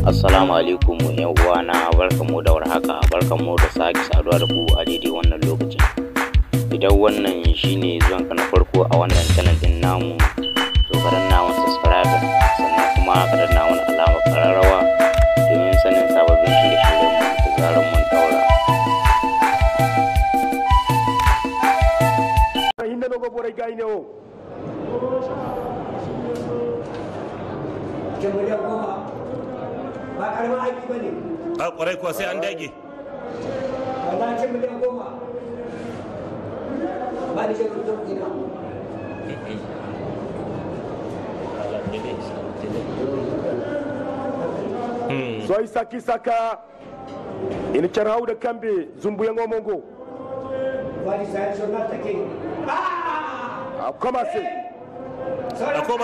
Assalamu alaikum yan uwana barkanmu da warhaka barkanmu da sake saduwa da ku a daidai wannan lokacin. Idan wannan shine zuwan ka na farko a wannan channel din namu to ka danna mu subscribe sannan kuma ka danna wani alama kararrawa domin sanin sababbin shirye-shiryen mu da mun daura. ba ne a kwarai kuwa sai an dage ce miliyan goma ba shekaru ta hmm. saki saka ini da kambe zumbu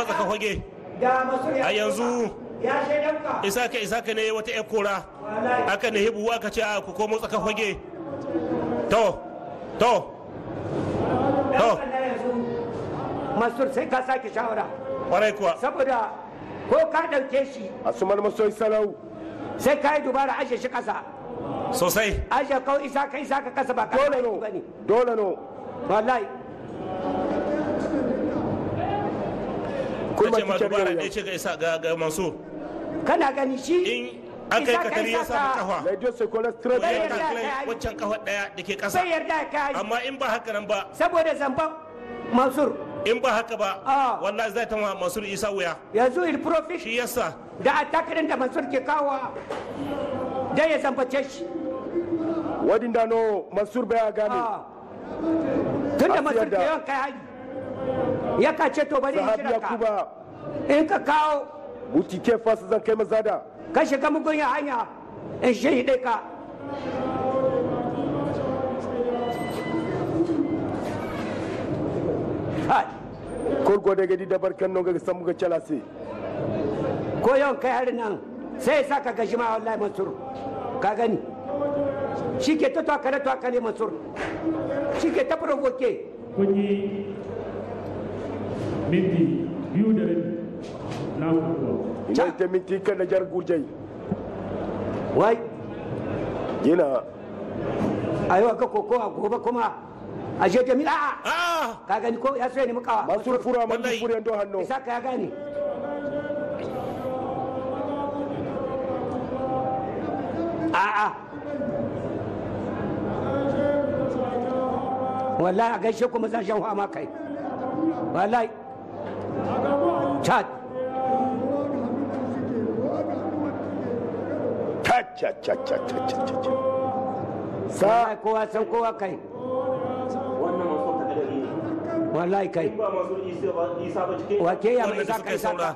take a yanzu isa ka isaka isaka ne wata yar kora aka ne hibu aka ce a ku komo tsaka fage to to to masur sai ka sake shawara kwarai kuwa saboda ko ka dauke shi a mal masoyi sarau sai ka yi dubara ashe shi kasa. sosai ashe kawai isa ka isa ka kasa ba ka dole no dole no wallahi kulma ma dubara ne ce ga isa ga ga manso kana gani shi in aka yi katari ya samu kafa ya kai waccan kafa daya da ke kai amma in ba haka nan ba saboda zamban mansur in ba haka ba ah. wallahi zai ta mansur isa wuya yanzu il profit shi yasa da attacking da mansur ke kawo da ya zamba shi wadin da no mansur bai gane ah. tun da mansur ke yawan kai hali yaka ce to bari in jira ka in ka kawo ke fasu zan kai mazada ka shiga mugun ya hanya in shi dai ka kurgo da gadi dabar kan nan ga samu ga calasi ko yau kai har nan sai sa ka gashi ma wallahi mansur ka gani shi ke ta takare takare mansur shi ke ta provoke minti biyu da rabi na kuwa ina ta minti kan najar gurjai wai yana ayo ka koko a gobe kuma a je jami'a a ah! ka gani ko ya so ne muka masu fura man fura do hannu isa ka ya gane a'a wallahi a gaishe kuma zan shan hama kai wallahi chad sa kowa san kowa kai wallahi kai wake ya mai isaka isaka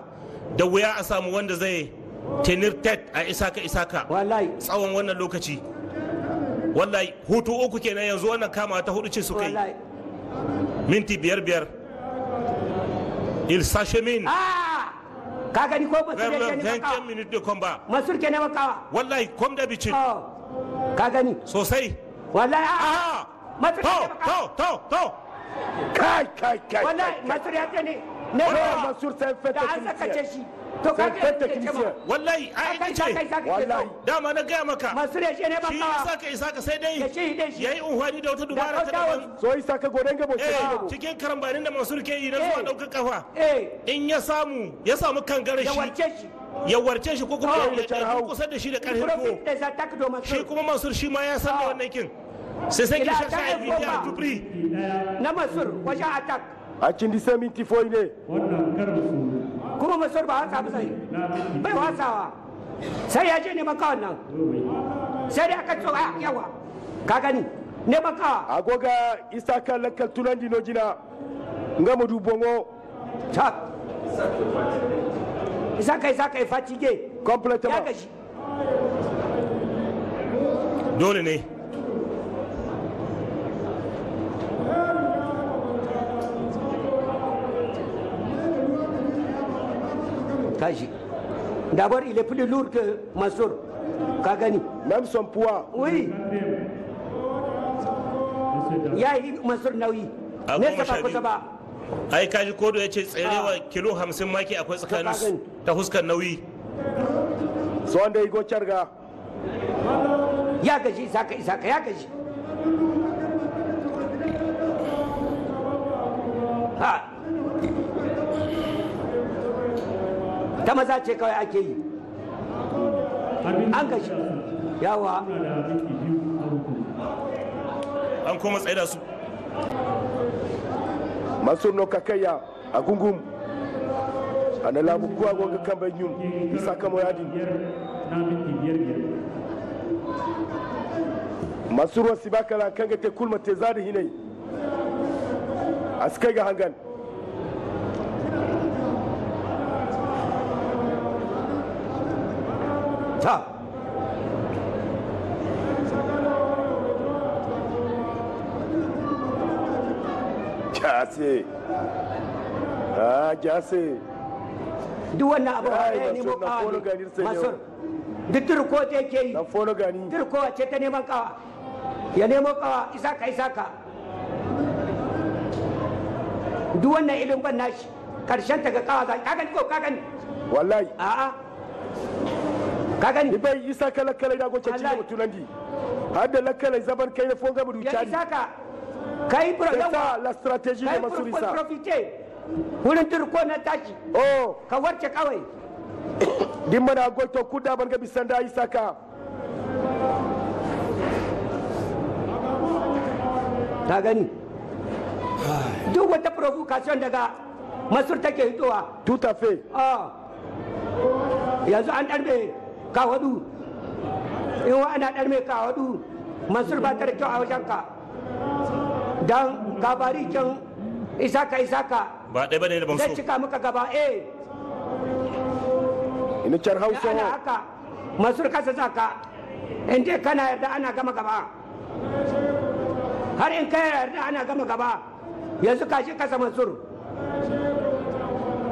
da wuya a samu wanda zai tenirtet a isaka isaka wallahi tsawon wannan lokaci wallahi hutu uku kenan yanzu wannan kama ta hudu ce su kai minti biyar biyar Il s'achemine. Ah ka gani ko ba su ke ne makawa. minutes de combat. Masur ke ne makawa. Wallahi comme d'habitude. Oh. Ka gani. Sosai. Wallahi a. Ah! Ah! Masur ke ne To to to. Kai kai kai. Wallahi Masur ya ce ne. Ne ba Masur sai fete. Da an saka ce shi. to ka ga ta kirce wallahi ai ni ce wallahi dama na gaya maka masu reshe ne ba kawa shi yasa ka isa ka sai dai yayi unhwani da wata dubara ta daban so isa ka godan gabo eh cikin karambanin da masu ke yi na eh. zuwa daukar kafa eh. in ya samu ya samu kangare shi ya warce shi ko kuma oh. ya kusa da shi da karfin ko shi kuma mansur shi ma ya san da oh. wannan kin sai sai ki shaka ya biya a tubri na mansur wajen attack a cin disa minti foyi ne wannan karbu kuma masuwar ba watsa ba sai bai watsawa sai ya je ne kawan nan sai dai aka tsoka yawa ka gani neman kawa agoga isa kan lakkal tunan dino jina nga mu dubongo ta isa kai isa kai fatigue complètement ya gashi dole ne tashi d'abord il est plus lourd masur ka gani même son puwa oui ya yi masur nauyi ne sa ba kusa ba ai kaji kodo ya ce tserewa ah. kilo 50 maki akwai tsakanin ta huskar nauyi so wanda igo carga ya gaji isaka isaka ya gaji ha ta maza ce kawai ake yi an kashi yawa an kuma tsaye da su masu noka kaya a gungun a na labukuwa gonga kan banyum isa kamo yadin masu ruwa sibakala kan ga te kulma te zadi hinai a suka ga hangan ta kyase a kyase duk wannan abu ba ya nemo kawa ne masur duk turko ta yake yi turko ce ta neman kawa ya nemo kawa isaka isaka duk wannan ilimin ban nashi karshen ta ga kawa za ka gani ko ka gani wallahi a'a ka gani isa kala kala da ci lakala zaban kai fo Ka kai pro da la strategie de masuri sa na tashi oh ka warce kawai goito ban da isa ka ka gani duk wata provocation daga masur take hitowa tutafe ah. yanzu an darbe kawadu in wa ana dar mai kawadu mansur ba ta da kyau a wajenka dan gabari can isaka isaka ba ɗaya ba ne da mansur zai cika maka gaba eh ina char hausa ne haka mansur sa zaka in dai kana yarda ana gama gaba har in ka yarda ana gama gaba yanzu ka shi kasa mansur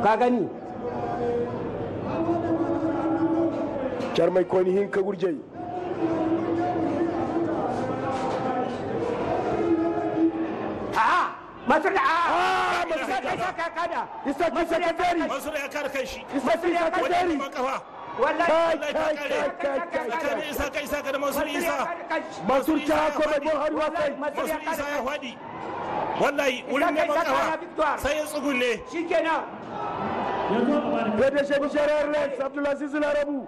ka gani mai koni hin ka gurje masu da masu da ka kada isa ki sa ka masu da shi isa ki sa ka wallahi kai kai isa kai da masu isa masu ta ko masu isa ya fadi wallahi wurin ne makawa sai ya tsugunne shikenan yanzu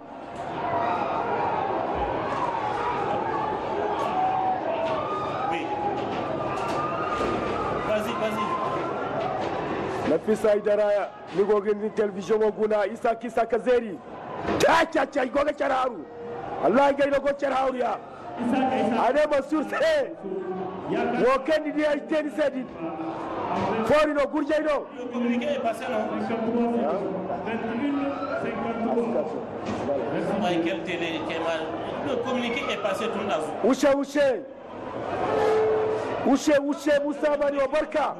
Nafisa idara nigogin television waguna isa kisa kazeri ta cha cha igoga chararu Allah ga ido go chararu ya anema surse se wo kendi dia iteni sedi fori no gurja Michael Télé Kemal, le communiqué est passé tout le temps. Ouché, ouché. Ouché, ouché, Moussa Bani Obarka.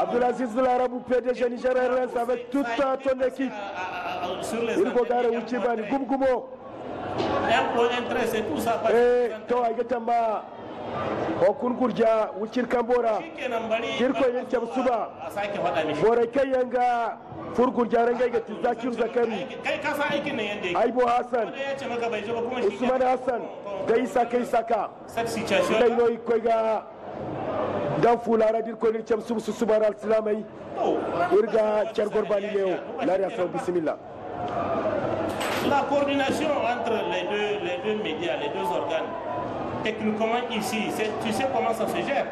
Abdelaziz Larabou, PDG Niger Airlines, avec toute ton équipe. Il faut garder Ouché Bani, Goum Goumo. c'est tout ça. Eh, toi, il y a hokun kunkurja wucin kambora kirko yin kyam suba bore kai yanga furkurja ranga ga zakir zakari aibu hassan usman hassan da isa kai saka dai noi koi ga dan fulara dir ko ni kyam sub su subar al irga char gorbani leo lari aso bismillah la coordination entre les deux les deux médias les deux organes techniquement ici, tu sais comment ça se gère.